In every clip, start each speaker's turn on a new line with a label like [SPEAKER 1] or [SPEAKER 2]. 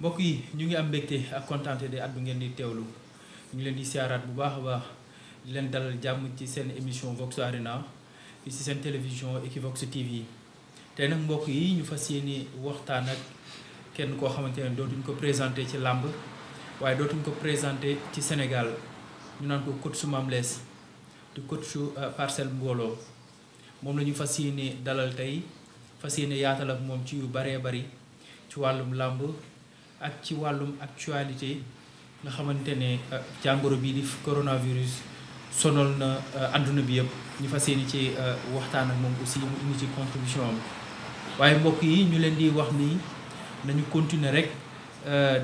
[SPEAKER 1] mbokk yi ñu ngi am mbégte ak kontaante de at bu ngeen di teewlu ñu ngi leen di siyaaraat bu baax a baax leen dalal jàmm ci seen émission Vox Arena fii ci seen télévision Equivox TV tey nag mbokk yi ñu fas yéene waxtaan ak kenn koo xamante ne dootuñ ko présenté ci làmb waaye dootuñ ko présenté ci Sénégal ñu naan ko coach Mame Less di su euh, Parcelles Mbooloo moom la ñu fas yéene dalal tey fas yéene yaatal ak moom ci yu baree bari ci wàllum làmb ak ci wàllum actualité nga xamante ne euh, jàngoro bii di coronavirus sonal na àdduna euh, bi yëpp ñu fa yéene ci euh, waxtaan ak moom aussi mu indi ci contribution waaye mbokk yi ñu leen di wax ni nañu continuer rek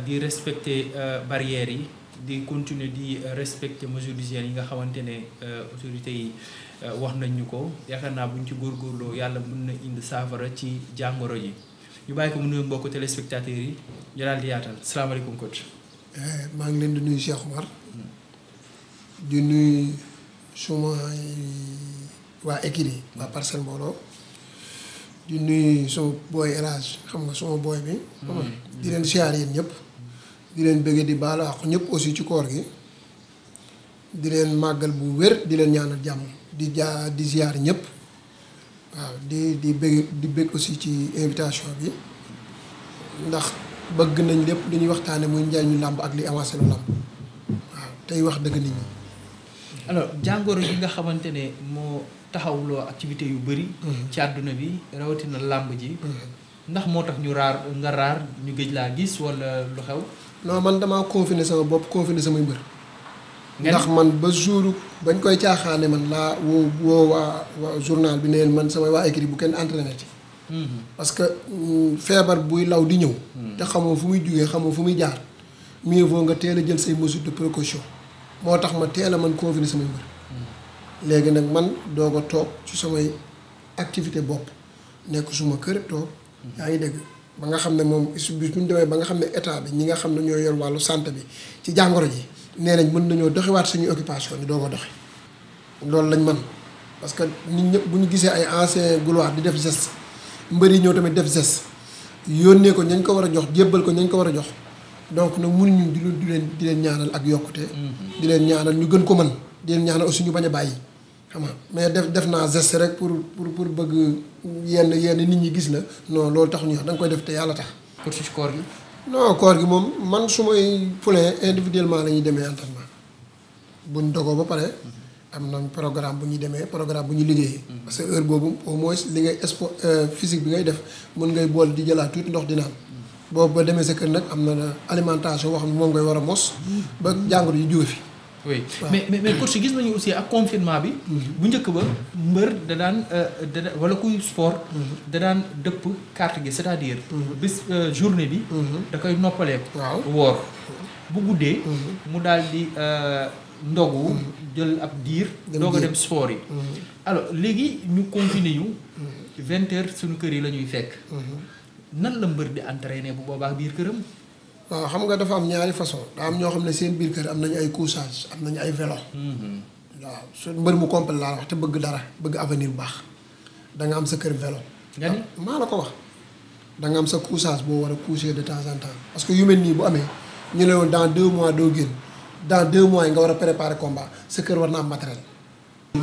[SPEAKER 1] di respecter barrières yi di continuer di respecter mesures d'hygiène yi nga xamante ne autorités yi wax nañ ñu ko yaakaar naa buñ ci góor góorgóorloo yàlla mun na indi saafara ci jàngoro ji. ñu bàyyi ko mu nuyu mbokk téléspectateurs yi ñu daal di yaatal salaamaaleykum coach.
[SPEAKER 2] Eh, maa ngi leen di nuy Cheikh Omar di nuyu suma waa écurie waa Parcelles Mbooloo di nuyu suma booy Elage xam nga suma booy bi. Mm-hmm. di leen siyaar yéen ñëpp. di leen bëggee di baalo ak ñëpp aussi ci koor gi di leen màggal bu wér di leen ñaanal jàmm di jaa di siyaar ñëpp. waaw di di bëgg di bëgg aussi ci invitation bi ndax bëgg nañ lépp li ñuy waxtaane muy njariñu làmb ak li avancé lu làmb waaw tey wax dëgg nit ñi.
[SPEAKER 1] alors jàngoro yi nga xamante ne moo taxawuloo activité yu bëri. Mhm. ci àdduna bi rawatina làmb ji. Mhm. ndax moo tax ñu raar nga raar ñu gëj laa gis walla lu xew.
[SPEAKER 2] noo man damaa confiné sama bopp confiné samay bër ndax man ba jour bañ koy caaxaane man laa woo woo waa journal bi neen man samay waa écrit bu kenn entraîné ci mhm. parce que mm, feebar buy law di ñëw mhm. te xamoo fu muy jugee xamoo fu muy jaar mieux vaut nga teel a jël say mesures de précaution moo tax ma teel a man confiné samay mbër mhm. léegi nag man doog a toog ci samay activité bopp nekk suma kër toog yaa ngi dégg ba nga xam ne moom bis bu ñu demee ba nga xam ne état bi ñi nga xam ne ñoo yor wàllu santé bi ci jàngoro ji nee nañ mën nañoo doxiwaat suñu occupation ñu doog a doxi loolu lañ man parce que nit ñëpp bu ñu gisee ay ancien gloire di def geste mbër yi ñëw tamit def geste yónnee ko ñañ ko war a jox jébbal ko ñañ ko war a jox donc nag mënuñu di di leen di leen ñaanal ak yokkute. Mm-hmm. di leen ñaanal ñu gën ko mën di leen ñaanal aussi ñu bañ a bàyyi. xam mais def def naa geste rek pour pour pour bëgg yenn yenn nit ñi gis la non loolu tax wax da nga koy def te yàlla tax. pour si koor gi. non koor gi moom man su may poulain individuellement la ñuy demee entraînement buñ dogoo ba pare am na programme bu ñuy demee programme bu ñuy liggéeyee. Mm-hmm. parce que heure boobu au moins li ngay sport euh, physique bi ngay def mun ngay bool di jëlaat tuuti ndox di naan mm-hmm. boobu ba demee sa kër nag am
[SPEAKER 1] na alimentation boo xam ne moom ngay war a mos. Mm-hmm. ba jàngoro yi jóge fi. oui mais mais mais coach gis nañu aussi ak confinement bi. Mhm. bu njëkk ba mbër da daan euh, da wala kuy sport. Mhm. da daan dëpp carte gi c'est-à-dire. Mhm. bis euh, journée bi. da koy noppaleeku. waaw woor bu guddee. mu daal di euh, ndogu. jël ab diir. doog a dem sport yi. alors léegi ñu continuer ñu. vingt suñu kër yi la ñuy fekk. nan la mbër di entraîner bu boobaa biir këram.
[SPEAKER 2] waaw xam nga dafa am ñaari façon daa am ñoo xam ne seen biir kër am nañu ay couchage am nañu ay velo mm-hmm. waaw su mbër mu complet laa wax te bëgg dara bëgg avenir bu baax da nga am sa kër velo nga maa la ko wax. danga am sa couchage boo war a coucher de temps en temps parce que yu mel nii bu amee ñu ne woon dans deux mois doo génn dans deux mois nga war a préparer combat sa kër
[SPEAKER 1] war na am matériel.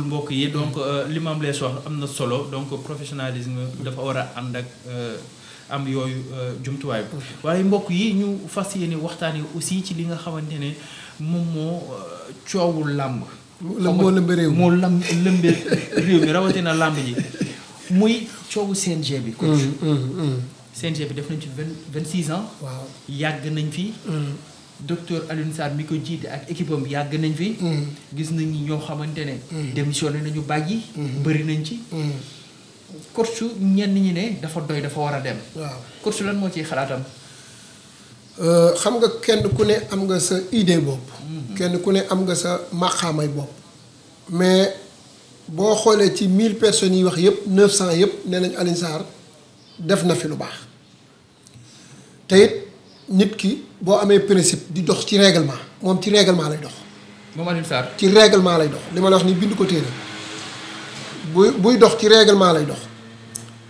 [SPEAKER 1] mbokk yi donc euh, li ma am lees wax am na solo donc professionnalisme dafa war a ànd euh, am yooyu euh, jumtuwaay bi waaye mbokk yi ñu fas yéene waxtaanee aussi ci li nga xamante ne moom moo euh, coowul làmb moo lëmb réew moo làmb lëmbe réew mi rawatina làmb ji muy coowu CNG bi coach mm, mm, mm. bi def nañ ci vingt vingt yàgg nañ fi docteur Alioune Sarr ko jiite ak équipe yàgg nañ fi gis nañ ñoo xamante ne démissionné nañu bàyyi bëri nañ ci korsu ñenn ñi ne dafa doy dafa war a dem. waaw korsu lan moo ciy xalaatam.
[SPEAKER 2] Euh, xam nga kenn ku ne am nga sa idée bopp. Mhm. kenn ku ne am nga sa maqaamay bopp. mais boo xoolee ci mille personnes yi wax yëpp neuf cent yëpp nee nañ Alioune Sarr def na fi lu baax te it nit ki boo amee principe di dox ci réglement moom ci réglement lay dox.
[SPEAKER 1] moom Alioune Sarr ci
[SPEAKER 2] règlement lay dox li ma la wax ni bind ko téere buy buy dox ci règlement lay dox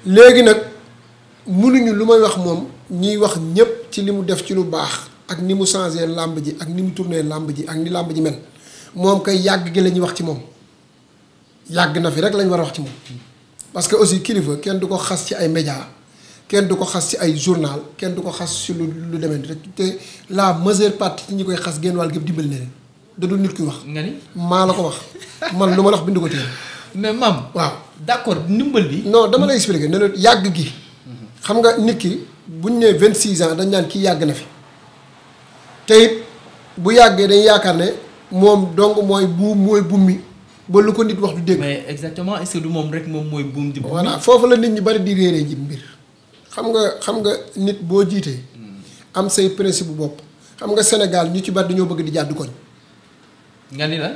[SPEAKER 2] léegi nag mënuñu lu may wax moom ñiy wax ñépp ci li mu def ci lu baax ak ni mu changé làmb ji ak ni mu tournee làmb ji ak ni làmb ji mel moom kay yàgg gi la ñuy wax ci moom yàgg na fi rek lañ war a wax ci moom parce que aussi kilifa kenn du ko xas ci ay médias kenn du ko xas ci ay journal kenn du ko xas ci lu lu demee rek te la majeure partie ci ñi koy xas génn wàll gépp dimbali neen leen nit kuy wax. nga maa la ko wax man lu ma la wax ko tey. mais maam. waaw d' accord ndimbal bi. non dama lay expliquer ne yàgg gi. xam nga nit ki buñ ñu vingt 26 ans dañ naan kii yàgg na fi te it bu yàggee dañ yaakaar ne moom dong mooy buum mooy buum mi ba lu ko nit wax du dégg. mais exactement moom rek moom mooy buum foofu la nit ñi bari di réeree ji mbir. xam nga xam nga nit boo jiitee hmm. am say principe bu bopp xam nga Sénégal ñu ci bari dañoo bëgg di jàddu koñ. nga ni la.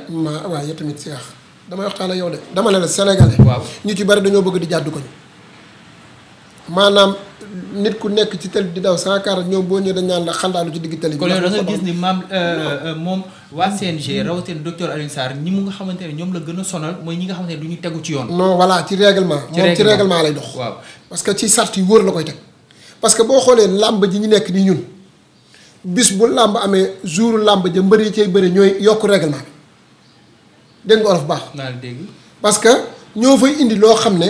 [SPEAKER 2] tamit si wax. damay waxtaan ak yow de dama ne la sénégalais. waaw ñu ci bari dañoo bëgg di jàddu ko maanaam nit ku nekk ci télé di daw 140 ñoom boo ñëwee dañ naan la xandaalu ci digg télé bi. kon da
[SPEAKER 1] maam euh, euh, euh, moom waa CNG rawatina docteur Alioune Sarr ñi mu nga xamante ne ñoom la gën a sonal mooy ñi nga xamante ne duñu tegu ci yoon. non voilà ci règlement. moom ci règlement lay dox. waaw
[SPEAKER 2] parce que ci sart yi wóor la koy teg. parce que boo xoolee làmb ji ñu nekk nii ñun bis bu làmb amee jour làmb ja mbër yi cay bëri ñooy yokk règlement bi dégg nga olof baax. parce que ñoo fay indi loo xam ne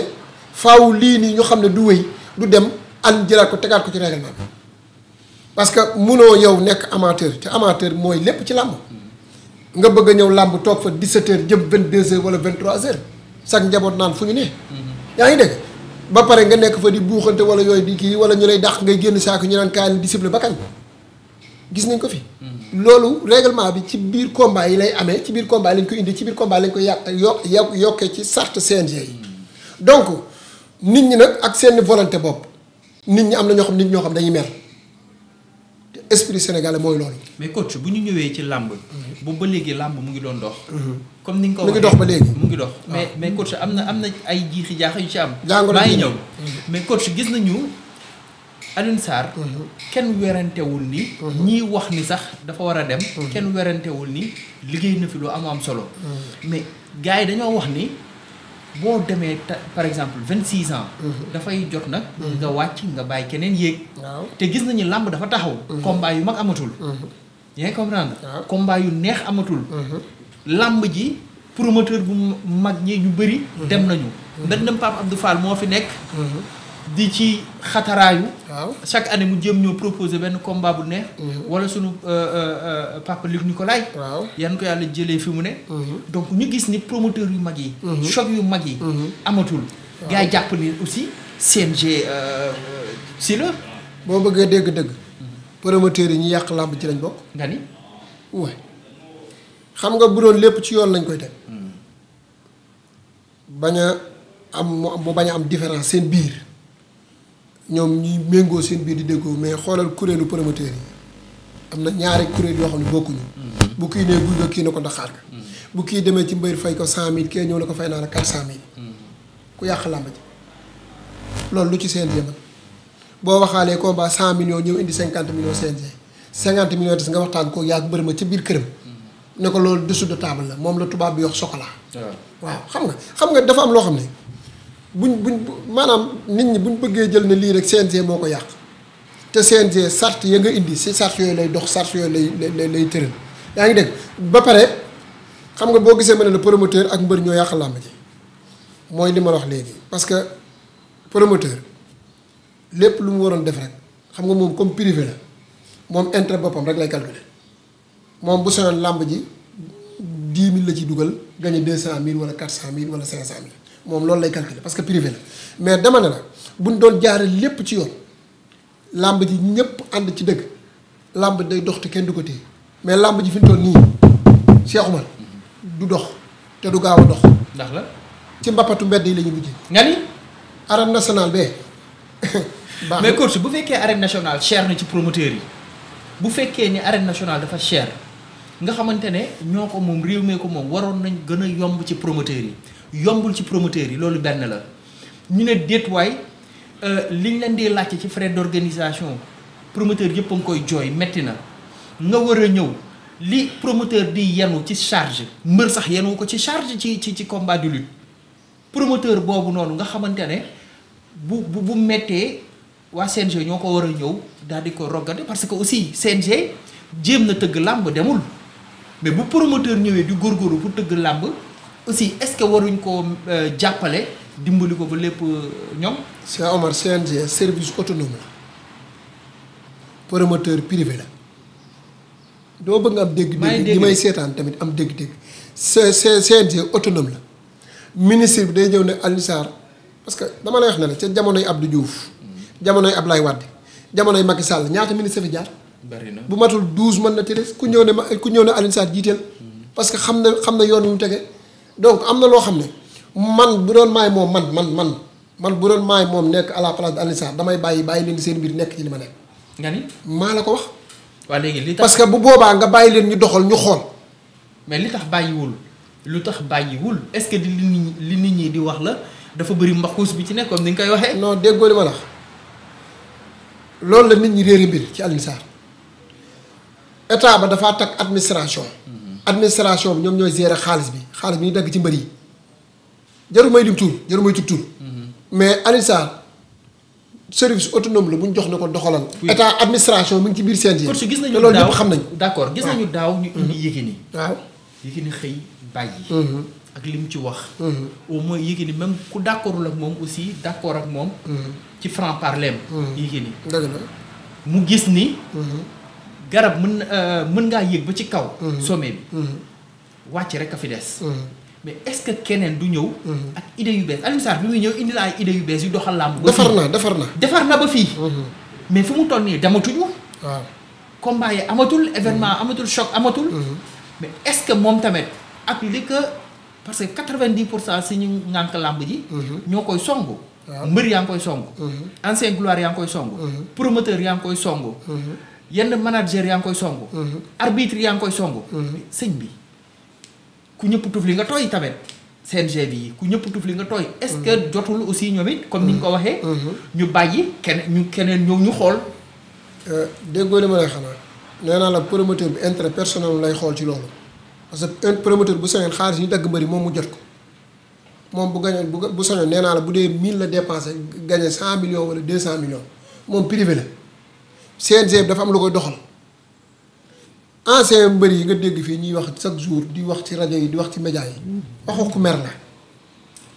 [SPEAKER 2] faw lii nii ñu xam ne du wéy du dem an jëlaat ko tegaat ko ci règlement bi parce que munoo yow nekk amateur te amateur mooy lépp ci làmb nga bëgg a ñëw làmb toog fa 17h jëm 22h wala 23h sax njaboot naan fu ñu ne. Mhm. yaa ngi dégg ba pare nga nekk fa di buuxante wala yooyu di kii wala ñu lay dàq ngay génn saako ñu naan kaay disciple ba kañ gis nañ ko fi. Mhm. loolu règlement bi ci biir combat yi lay amee ci biir combat lañ ko indi ci biir combat lañ ko yàq yokk yokkee ci charte CNG yi donc nit ñi nag ak seen volonté bopp nit ñi am na ñoo xam nit ñoo xam dañuy mer te esprit sénégale mooy loolu.
[SPEAKER 1] mais coach bu ñu ñëwee ci làmb. Mhm. bu ba léegi làmb mu ngi doon dox. Mhm. comme ni nga ko waxee mu ngi dox ba léegi. mu ngi dox ah. mais mais coach am na am na ay jiixi jaax yu ci am. jàngoro maa ngi ñëw mhm. mais coach gis nañu. Alioune Sarr mhm. kenn werantewul ni mhm. ñii wax ni sax dafa war a dem mhm. kenn werantewul ni liggéey na fi lu am am solo mais gars yi dañoo wax ni boo demee par exemple vingt six ans dafay jot nag nga wàcc nga bàyyi keneen yéeg te gis nañu làmb dafa taxaw combat yu mag amatul yaa ngi comprendre combat yu neex amatul làmb ji promoteur bu mag ñi ñu bëri dem nañu ndandam Pape Abdou Fall moo fi nekk di ci xataraayu. waaw chaque année mu jëm ñoo proposé benn combat bu neex. Mhm. wala sunu euh, euh, euh, papa Luc Nicolaï. waaw yan ko yàlla jëlee fi mu ne. Mhm. donc ñu gis ni promoteur yu mag yi. Mhm. choc yu mag yi. amatul. waaw gars yi jàpp ni aussi CNG si la. boo bëggee dégg-dégg. promoteurs yi ñu
[SPEAKER 2] yàq làmb ci lañ bokk. nga ni xam nga bu lépp ci yoon lañ koy teg. Hmm. bañ a am mu bañ am différence seen biir. ñoom ñuy méngoo seen biir di déggoo mais xoolal kuréelu promoteur yi am na ñaari kuréel yoo xam ne bokkuñu. Mm-hmm. bu kii nee kii na ko daxaar ka mm-hmm. bu kii demee ci mbir fay ko cent mille kee ñëw na ko fay naa la quatre cent mille. Mm-hmm. ku yàq làmb loolu lu ci CNG man boo waxaalee combat cent millions ñëw indi cinquante millions CNG cinquante millions nga waxtaan ko yàgg mbër ma ca biir këram. ne ko loolu dessous de table la moom la tubaab bi wax chocolat. waaw xam nga xam nga dafa am loo xam ne. buñ buñ maanaam nit ñi buñ bëggee jël ne lii rek CNG moo ko yàq te CNG sart ya nga indi si sart yooyu lay dox sart yooyu lay lay lay tëral yaa ngi dégg ba pare xam nga boo gisee ma ne la promoteur ak mbër ñoo yàq làmb ji mooy li ma la wax léegi parce que promoteur lépp lu mu waroon def rek xam nga moom comme privé la moom intérêt boppam rek lay moom bu soñoon làmb ji dix mille la ci dugal gagné deux cent mille wala quatre cent mille wala cinq cent mille moom loolu lay calculer parce que privé la mais dama ne la buñ doon jaare lépp ci yoon làmb ji ñëpp ànd ci dëgg làmb day dox te kenn du ko téye mais làmb ji fi mu toll nii Cheikh du dox te du gaaw a dox. ndax la ci mbappatu mbedd yi la ñu mujjee. nga ni. arène nationale bee. baax mais
[SPEAKER 1] course bu fekkee arène nationale cher na ci promoteur yi bu fekkee ni arrêt nationale dafa cher nga xamante ne ñoo ko moom réew mee ko moom waroon nañ gën a yomb ci promoteur yi. yombul ci promoteurs yi loolu benn la ñu ne déet waay euh, liñ leen di laajte ci frais d'organisation promoteur yëpp a ngi koy jooy metti na nga war a ñëw li promoteur di yenu ci charge mbër sax yenu ko ci charge ci ci ci combat de lutte promoteur boobu noonu nga xamante ne bu bu bu méttee waa CNG ñoo ko war a ñëw daal di ko rogate parce que aussi CNG jéem na tëgg làmb demul mais bu promoteur ñëwee di góorgóorlu pour tëgg làmb aussi est-ce que waruñ koo euh, jàppale dimbali ko ba lépp euh, ñoom.
[SPEAKER 2] Cheikh Omar CNG service autonome la promoteur privé la doo bëgg nga am dégg-dégg ñi may seetaan tamit am dégg-dégg CNG autonome la ministre bi day ñëw ne Alioune Sarr parce que dama lay wax ne la ca jamonoy Abdou Diouf jamonoy Ablaye Wade jamonoy Macky Sall ñaata ministre fi jaar bari na bu matul douze mën na tëddee ku ñëw ne ma ku ñëw ne Alioune Sarr jiiteel hmm. parce que xam na xam na yoon wu mu tege donc am na loo xam ne man bu doon maay moom man man man man bu doon maay moom nekk à la place de Alioune damay bàyyi bàyyi leen seen mbir nekk ci li ma nekk. nga maa la ko wax.
[SPEAKER 1] waaw léegi li parce que
[SPEAKER 2] bu boobaa nga bàyyi leen ñu doxal ñu xool.
[SPEAKER 1] mais li tax bàyyiwul lu tax bàyyiwul est-ce que di li nit li ñi di wax la dafa bëri mbaxuus bi ci nekk ni nga koy waxee. noo déggoo li ma la wax la nit ñi réeri mbir ci Alioune Sarr
[SPEAKER 2] ba dafa takk administration. Mm-hmm. administration bi ñoom ñooy gérer xaalis bi. xaalis bi ñuy dagg ci mbër yi jarul may lim tuur jarul may tub tuur mhm. mais Alioune Sarr service autonome la bu ñu jox na ko doxalal. état administration mi ngi ci biir seen yi. gis nañu daaw te loolu ñëpp xam nañu. d'accord gis
[SPEAKER 1] nañu daaw ñu indi mhm. Yékini. waaw Yékini xëy bàyyi. Mhm. ak li mu ci wax. au moins Yékini même ku d'accordul ak moom aussi d'accord ak moom. ci franc parler Yékini. dëgg la mu gis ni. garab mën euh, mën ngaa yëg ba ci kaw. sommet bi. wàcc rek a fi des. Mm-hmm. mais est-ce que keneen du ñëw. Mm-hmm. ak idée yu bees Alioune Sarr bi muy ñëw indi la ay idées yu bees yu doxal làmb. defar na defar na defar na ba fii. Mm-hmm. mais fu mu toll nii dematuñu. waaw combat yi amatul événement amatul choc amatul. mais est-ce que moom tamit ak li que parce que quatre-vingt-dix pour cent si ñu ŋànk làmb ji. ñoo koy songu. mbër yaa ngi koy songu. ancien gloire yaa ngi koy songu. promoteur yaa ngi koy songu. yenn manager yaa ngi koy songu. arbitre yaa ngi koy songu. sëñ bi. ku ñëpp tuf li nga tooy tamit CNG bi ku ñëpp tuf li nga tooy. est-ce que mm-hmm. jotul aussi ñoom it comme ni ñu ko mm-hmm. waxee. Mm-hmm. ñu bàyyi kenn ñu keneen ñëw ñu xool. Euh, déggoo li ma lay xanaa
[SPEAKER 2] nee naa la promoteur bi intérêt personnel lay xool ci loolu parce que un promoteur bu sañoon xaalis ñu dagg mbari moom mu jot ko moom bu gañoon bu bu sañoon nee naa la bu dee 1000 la dépensé gagné 100 millions wala 200 millions moom privé la CNG bi dafa am lu koy doxal. ancien mbër yi nga dégg fii ñuy wax chaque jour di wax ci rajo yi di wax ci média yi waxu ku mer la.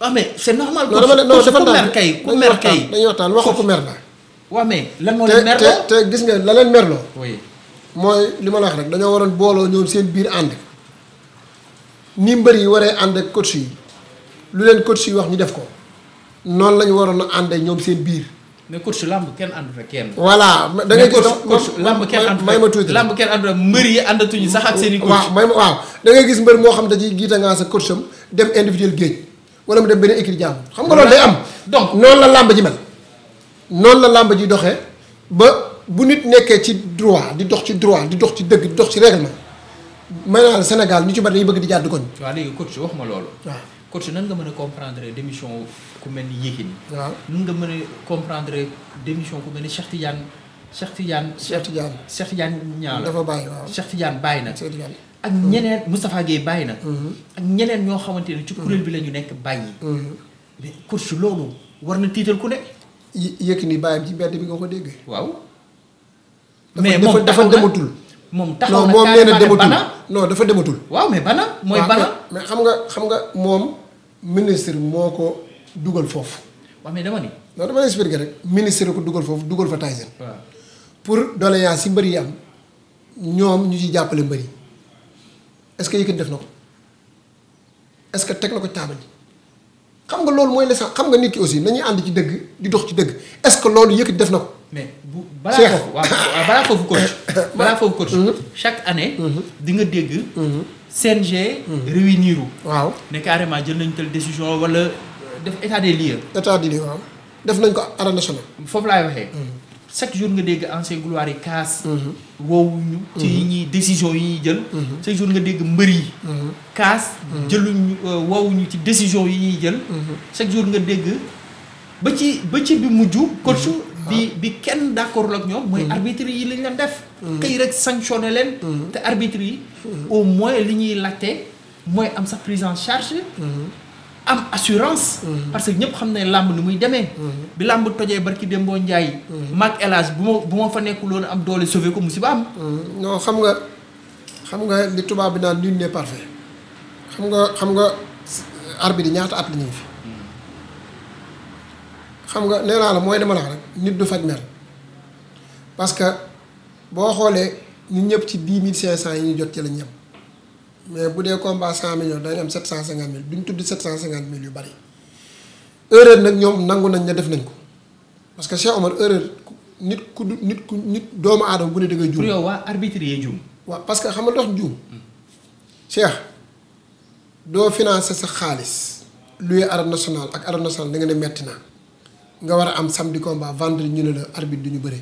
[SPEAKER 1] waaw ah, mais c'est normal. non dama ne non dafa mer kay ku mer dañuy
[SPEAKER 2] waxtaan waxu ku mer la. waaw mais lan moo leen te te gis nga la leen merloo. oui mooy li ma la wax rek dañoo waroon booloo ñoom seen biir ànd. ni mbër yi waree ànd ak coach yi lu leen coach yi wax ñu def ko noonu la ñu waroon ànd àndee ñoom seen biir.
[SPEAKER 1] mais coach lamb kenn àndul kenn. voilà da ngay gis coach lamb kenn
[SPEAKER 2] àndul may ma tuuti lamb kenn àndul ak mbër yi i. coach waaw may moo xam te ci jiite ngaa sa coach am dem individuel géej wala mu dem beneen équipe jàmm xam nga loolu day am. donc la lamb ji mel. noonu la lamb ji doxee ba bu nit nekkee ci droit di dox ci droit di dox ci dëgg di dox ci règlement may naa la Sénégal ñu ci bari dañuy bëgg di jàdd koñ.
[SPEAKER 1] waaw léegi coach waxuma loolu. waaw. coach nan nga mën comprendre démission ku mel ni Yékini. waaw nan nga mën a comprendre démission ku mel ni Cheikh Tidiane. Cheikh Tidiane Cheikh ñaan Cheikh Tidiane ñaar dafa bàyyi waaw Cheikh Tidiane bàyyi na. ak ñeneen Moustapha bàyyi na. Mm-hmm. ak ñeneen ñoo xamante ne ci kuréel bi la ñu nekk bàyyi. Mm-hmm. mais coach loolu war na tiital ku ne.
[SPEAKER 2] Yékini bàyyam ci mbedd bi nga ko déggee. waaw.
[SPEAKER 1] mais moom dafa dematul. moom taxaw na carrément de bana non moom dafa dematul. waaw mais bana mooy bana. mais
[SPEAKER 2] xam nga xam nga moom. ministre moo ko dugal foofu. waaw mais dama ni. non dama lay expliquer rek. ministre ko dugal foofu dugal fa Tyson. pour doléance yi mbër yi am ñoom ñu ci jàppale mbër yi est-ce que Yékini def na ko est que teg na ko taabal ji xam nga loolu mooy la sax xam nga nit ki aussi nañuy ànd ci dëgg di dox ci dëgg
[SPEAKER 1] est-ce que loolu Yékini def na ko. mais bu balaa foofu waaw balaa foofu coach. balaa mm-hmm. chaque année. Mm-hmm. di nga dégg. Mm-hmm. CNG. Mhm. réunir waaw ne carrément jël nañu tel décision wala def état des lieux. état des lieux waaw def nañ ko arène nationale. foofu laay waxee. Mhm. chaque jour nga dégg ancien gloire yi kaas. Mhm. woowuñu ci yi décision yi ñuy jël. chaque jour nga dégg mbër yi. kaas jëluñu euh, woowuñu ci décision yi ñuy jël. chaque jour nga dégg ba ci ba ci bi mujj. coach bi bi kenn d'accordul ak ñoom mooy hmm. arbitre yi li la leen def xëy hmm. rek sanctionné leen hmm. te arbitre yi au moins li ñuy laajte mooy am sa prise en charge am assurance parce que ñëpp xam ne làmb ni muy demee bi làmb tojee barki Dembo Ndiaye maag El Hadj bu ma bu ma fa nekk loolu am doole sauvé ko musiba am non xam nga xam nga li tubaab bi naan nul n'est parfait xam nga xam nga
[SPEAKER 2] arbitre yi ñaata at la fi xam nga nee naa la mooy dama la rek nit du faj mer parce que boo xoolee ñun ñëpp ci dix mille cinq cent yi ñu jot ci la ñu mais bu dee combat cent millions dañu am sept cent cinquante mille duñ tudd sept cent cinquante mille yu bari erreur nag ñoom nangu nañ ne def nañ ko parce que Cheikh Omar erreur nit ku du nit ku nit doomu aadama bu ne da ngay juum. pour yow waa parce que xam nga dox juum. Hmm. Cheikh doo financer sa xaalis. lu luy arène nationale ak arène nationale da nga ne metti naa. nga war a am samedi combat vendredi ñu ne la arbitre du ñu bëre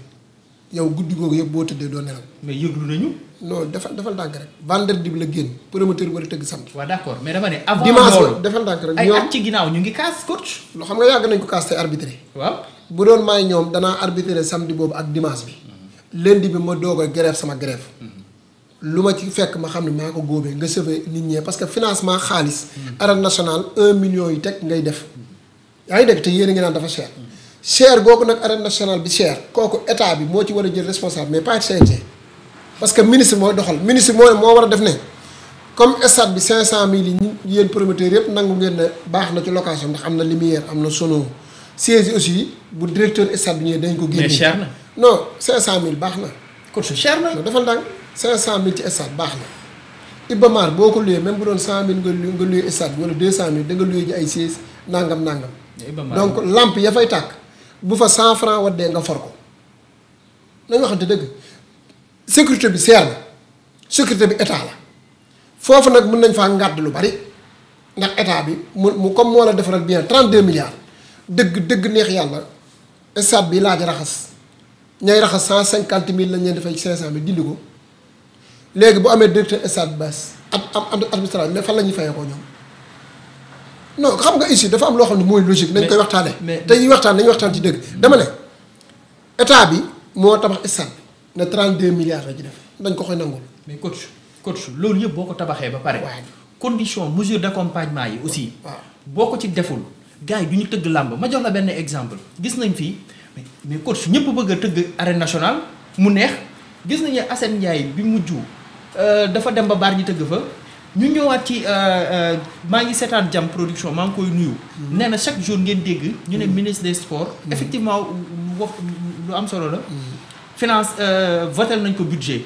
[SPEAKER 2] yow guddi googu yëpp boo tëddee doo nelaw. mais yëglu nañu. non defal defal ndànk rek vendredi bi la génn promoteur a tëgg samedi. waaw d'accord mais dama ne. avant dimanche defal ndànk rek. ay at ci ginnaaw ñu ngi kaas coach. loo xam nga yàgg nañ ko kaas tey arbitré. waaw bu doon may ñoom danaa arbitré samedi boobu ak dimanche bi. lundi bi ma doog a sama grève. lu ma ci fekk ma xam ne maa ko góobee nga sauvé nit ñee parce que financement xaalis. Hmm. arène nationale un million yi teg ngay def. yaa ngi dégg te yéen a ngi naan cher googu nag arène nationale bi cher kooku état bi moo ci war a jël responsable mais pas parce que ministre mooy doxal ministre moo moo war a def ne comme stade bi 500000 yi ñu yéen promoteur yëpp nangu ngeen ne baax na ci location ndax am na lumière am na sono siège yi aussi bu directeur stade bi ñëwee dañ ko génne. no cher na non baax na. kon su cher na dafa ndànk 500000 ci stade baax na. Iba Mar boo ko luyee même bu doon 100000 nga lu nga luyee stade bi wala 200000 da nga luyee ji ay siège nangam nangam. donc lamp ya fay tàkk. bu fa cent franc waddee nga for ko nañu waxante dëgg sécurité bi seer la sécurité bi état la foofu nag mun nañ faa ngàdd lu bari ndax état bi mu mu comme moo la defaral bien 32 milliards dëgg dëgg neex yàlla stade bi laaj raxas ñay raxas cent cinquante mille lañ leen dafay cinq cent mille dindi ko léegi bu amee directeur stade bas ab am administration mais fan la ñuy fayee ko ñoom. non xam nga ici dafa am loo xam ne mooy logique nañ koy waxtaane te ñuy waxtaan nañu waxtaan ci dëgg dama ne état bi moo tabax stade bi ne 32 milliards la ci def dañ ko
[SPEAKER 1] koy nangul mais coach coach loolu yëpp boo ko tabaxee ba pare condition mesure compagnement yi aussi boo ko ci deful gars yi du ñu tëgg làmb ma jox la benn exemple gis nañ fii mais coach ñëpp bëgg a tëgg arène national mu neex gis nañu Assane Ndiaye bi mujj euh, dafa dem ba baar ñi tëgg fa ñu ñëwaat ci euh, euh, maa ngi seetaan jam production maa ngi koy nuyu. Mm-hmm. nee na chaque jour ngeen dégg. ñu ne mm-hmm. ministre des sports. Mm-hmm. effectivement wax lu am solo la. finance euh, voté nañ ko budget.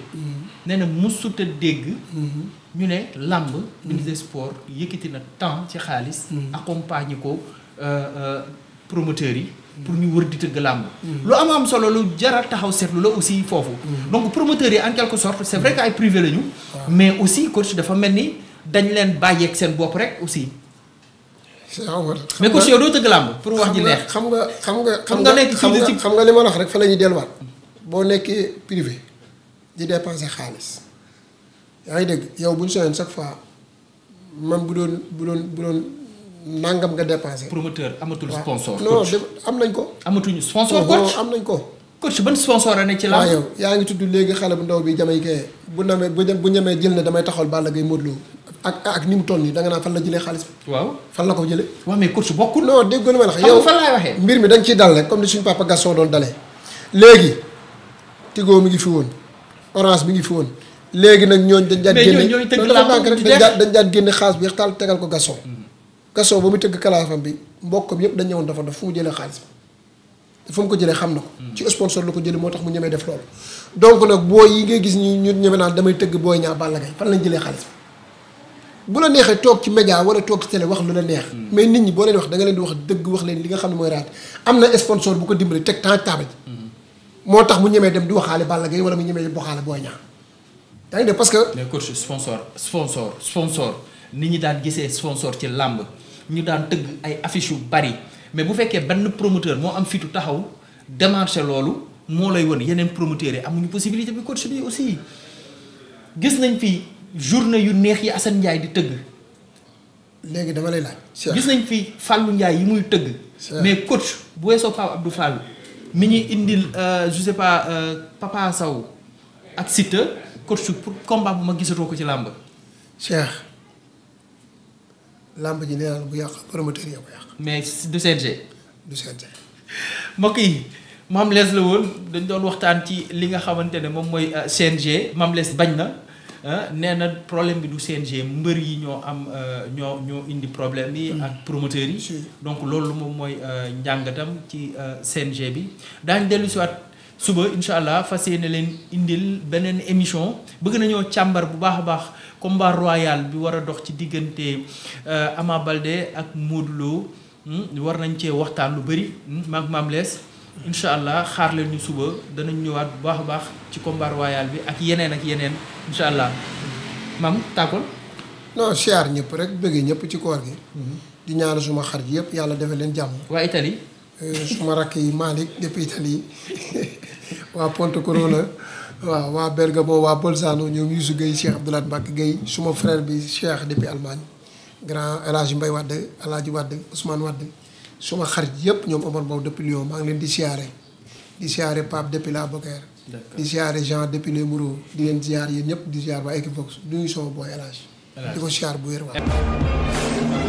[SPEAKER 1] nee na mësut dégg. ñu ne làmb. ministre de sports yëkkati na temps ci xaalis. accompagner ko promoteurs yi. pour ñu wër di tëgg làmb mm-hmm. lu am am solo lu jara taxaw seetlu la aussi foofu mm-hmm. donc promoteurs yi en quelque sorte c'est vrai que ay privé lañu mais aussi coach dafa mel ni dañ leen bàyyeeg seen bopp rek aussi mais coach yow doo tëgg làmb pour wax ji neex
[SPEAKER 2] xam nga xam nga xam nga nekk ci xam nga li ma wax rek fa la delluwaat boo nekkee privé di dépenser xaalis yaa ngi dégg yow bu ñu soñoon chaque fois man bu doon bu doon bu doon nangam nga dépensé.
[SPEAKER 1] promoteur amatul sponsor. non
[SPEAKER 2] am nañ ko. amatuñu sponsor coach am nañ ko. coach ban sponsor ne ci la. waaw yow yaa ngi tudd léegi xale bu ndaw bi jamay kee bu namee bu bu ñemee jël ne damay taxawal Balla Gaye Modou Lo ak ak ni mu toll nii da nga naan fan la jëlee xaalis bi. waaw fan la ko jëlee. waaw mais coach bokkul. non dégg lu ma la wax yow fan laay waxee. mbir mi da nga ciy dal rek comme ni suñu papa Gaston doon dalee. léegi Tigo mi ngi fi woon Orange mi ngi fi woon léegi nag ñooñu dañ daan génne mais ñooñu ñooñu tëgg laa dañ daan génne xaalis bi taal tegal ko Gaston gasoo ba mu tëgg kalaafam bi mbokkam yëpp dañ ñëwoon dafa def fu mu jëlee xaalis bi fu mu ko jëlee xam na ko. Hmm. ci sponsor la ko jëlee moo tax mu ñemee def loolu. donc nag booy yi ngay gis ñu ñeme naan damay tëgg booy ñaa Balla Gaye fan lañ jëlee bu la neexee toog ci média wala toog ci wax lu neex. Hmm. mais nit ñi boo leen wax da nga leen di wax dëgg wax leen li nga xam ne mooy raad am hmm. moo tax mu ñemee dem di waxaale Balla Gaye wala mu ñemee waxaale booy ñaa
[SPEAKER 1] yaa ngi def parce que. mais coach sponsor sponsor sponsor ni ñu daan gisee sponsor ci làmb ñu daan tëgg ay affiches yu bari mais bu fekkee benn promoteur moo am fitu taxaw démarché loolu moo lay won yeneen promoteurs yi amuñu possibilité bi continuer aussi gis nañ fi journée yu neex yi Assane Ndiaye di tëgg. léegi dama lay laaj. gis nañ fi Fallou Ndiaye yi muy tëgg. mais coach bu weesoo Pape Abdou Fall mi ñuy indil euh, je sais pas euh, Papa Sow ak Siteu pour combat bu ma gisatoo ko ci làmb. Cheikh. làmb ji nee naa bu yàq promoteur ya ko yàq. mais du CNG. du CNG. mbokk yi Mame Less la woon dañ doon waxtaan ci li nga xamante ne moom mooy euh, CNG Mame Less bañ na nee na problème bi du CNG mbër yi ñoo am euh, ñoo ñoo indi problème yi. Mm. ak promoteurs yi. donc loolu moom mooy euh, njàngatam ci seen CNG bi daañu dellu si suba incha allah fas yéene leen indil beneen émission bëgg nañoo càmbar bu baax a baax. combat royal bi war a dox ci diggante euh, amaa balde ak Modou Lo hmm, war nañ cee waxtaan lu bëri hmm, maag maam lees incha allah xaar leen ñu suba danañ ñëwaat bu baax a baax ci combat royal bi ak yeneen ak yeneen incha allah maam tàggoon. non siyaar ñëpp rek bëggee ñëpp ci koor gi.
[SPEAKER 2] Hmm. di ñaanal suma xar yëpp yàlla defe leen jàmm. waa Italie. Euh, suma rakk yi Malick depuis Italie waa Ponte Corona. waaw waa Bergamo waa Bolzano ñoom Youssou Gueye Cheikh Abdoulaye Mbacke Gueye suma frère bi Cheikh depuis Allemagne grand El Hadj Mbaye Wade El Hadj Wade Ousmane suma xarit yëpp ñoom Omar Mbow depuis Lyon maa ngi leen di siyaare di siyaare Pape depuis la Bocaire. di siyaare Jean depuis les Mureaux di leen siyaar yéen ñëpp di siyaar waa Equivox du ñu sama booy El di ko siyaar bu wér
[SPEAKER 1] waa.